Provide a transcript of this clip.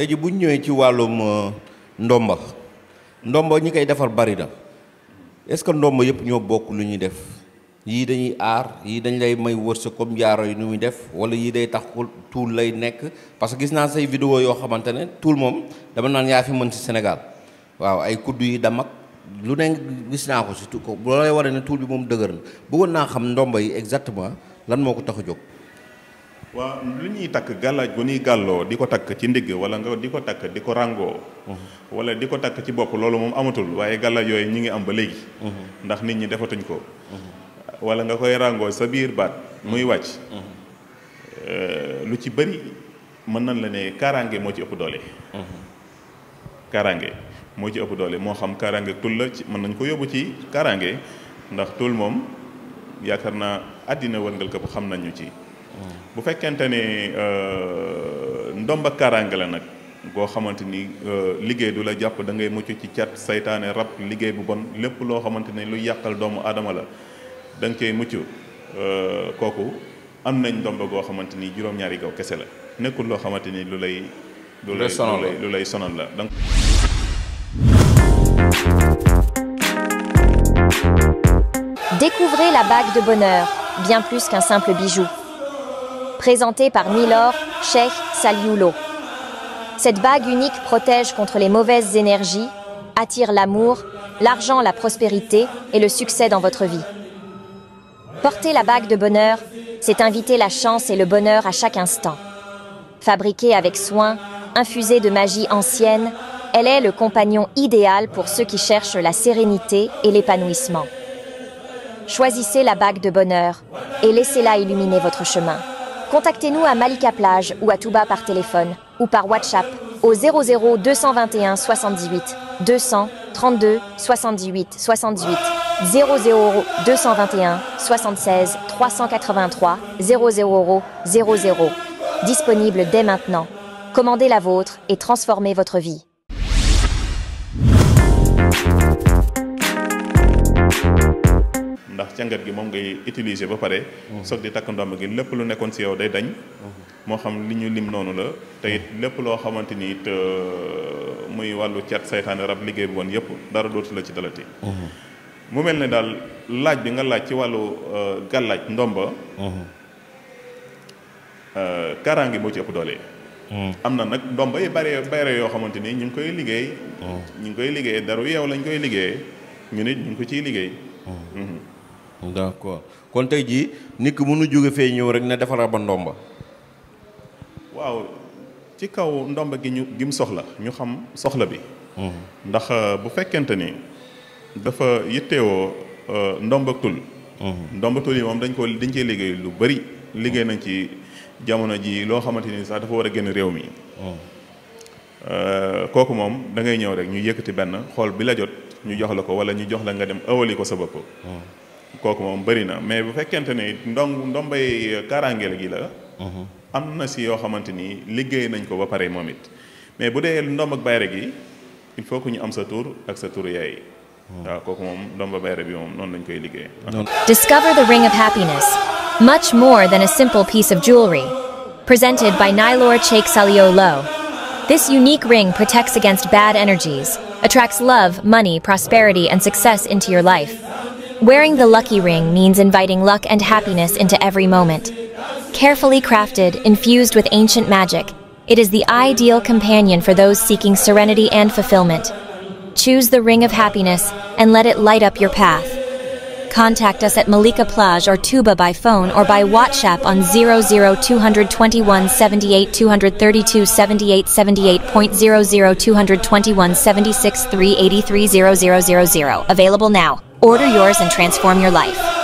tey ji bu ñu ñëwee ci wàllum euh, ndomba ndomba ñi koy defar bari na est-ce que ndomba yëpp ñoo bokk lu ñuy def yii dañuy aar yii dañ lay may wërsëg comme jaaro yi nu muy def wala yii day tax tuul lay nekk parce que gis naa say vidéo yoo xamante ne tuul moom dama naan yaa fi mën si Sénégal waaw ay kudd yi damag lu nekk gis naa ko surtout ko loolay waree ne tuul bi moom dëgër na bëggoon naa xam ndomba yi exactement lan moo ko tax a jóg. waaw lu ñuy takk gàllaaj bu nuy gàlloo di ko takk ci ndigg wala nga di ko takk di ko ràngoo mhm. wala di ko takk ci bopp loolu moom amatul waaye gàllaaj yooyu ñu ngi am ba léegi mhm. ndax nit ñi defatuñ ko mhm. wala nga koy ràngoo sa biir baat muy wàcc euh, lu ci bëri mën nañ la ne kaaraange moo ci ëpp doole kaaraange moo ci ëpp doole moo xam kaaraange tul la mën nañ ko yóbbu ci kaaraange ndax tul moom yaakaar naa àddina wërngal këpp xam nañu ci bu fekkente ne euh, ndomba kaaraange la nag goo xamante ni euh, liggéey du la jàpp da ngay mucc ci cat saytaane rab liggéey bu bon lépp loo xamante ne lu yàqal doomu aadama la da nga cay mucc euh, kooku am nañ ndomba goo xamante ni juróom-ñaari gaw kese la nekkul loo xamante ni lu lay lu lay lu lay sonal la donc Découvrez la bague de bonheur, bien plus qu'un simple bijou. Présentée par Milor Sheikh Saliulo. Cette bague unique protège contre les mauvaises énergies, attire l'amour, l'argent, la prospérité et le succès dans votre vie. Porter la bague de bonheur, c'est inviter la chance et le bonheur à chaque instant. Fabriquée avec soin, infusée de magie ancienne, elle est le compagnon idéal pour ceux qui cherchent la sérénité et l'épanouissement. Choisissez la bague de bonheur et laissez-la illuminer votre chemin. Contactez-nous à Malika Plage ou à Touba par téléphone ou par WhatsApp au 00 221 78 200 32 78 78 00 221 76 383 00 00 disponible dès maintenant. Commandez la vôtre et transformez votre vie. cangat gi moom ngay utiliser ba pare mhm. soog di takk ndomb gi lépp lu nekkoon si yow day dañ mhm. moo xam li ñu lim noonu la te it mhm. lépp loo xamante ni it euh, muy wàllu cat saytaane rab liggéey bu woon yëpp dara dootu la ci dalati mu mel ne daal laaj bi nga laaj ci wàllu euh, gàllaaj ndomba euh, kaaraange moo ci ëpp doole am na nag ndomba yi bare bare yoo xamante ñu ngi koy liggéey ñu ngi koy liggéey daru yeew lañ koy liggéey ñu nit ñu ngi ko ciy liggéey d'accord kon tey jii nit ki mënu jóge fee ñëw rek na defaral ba ndomba. waaw ci kaw ndomba gi ñu gi soxla ñu xam soxla bi. Hmm. ndax euh, bu fekkente ni dafa yittewoo euh, ndomba tul. Hmm. ndomba tul yi moom dañ ko dañ cee liggéey lu bari liggéey nañ ci jamono ji loo xamante ni sax dafa war a génn réew mi. Hmm. Euh, kooku moom dangay ñëw rek ñu yëkkati benn xool bi la jot ñu jox la ko wala ñu jox la nga dem ëwali ko sa bopp. na mais bu ne ndong ndombay gi la. Mhm. si nañ ko ba pare mais bu ak bayre gi il faut ñu am sa ak sa yaay. Mhm. ndomba bayre bi lañ koy Discover the ring of happiness. Much more than a simple piece of jewelry. Presented by Nylor Cheikh Salio Low This unique ring protects against bad energies, attracts love, money, prosperity, and success into your life. Wearing the lucky ring means inviting luck and happiness into every moment. Carefully crafted, infused with ancient magic, it is the ideal companion for those seeking serenity and fulfillment. Choose the ring of happiness and let it light up your path. Contact us at Malika Plage or Tuba by phone or by WhatsApp on 00221 78 232 78 78.00221 76 Available now. Order yours and transform your life.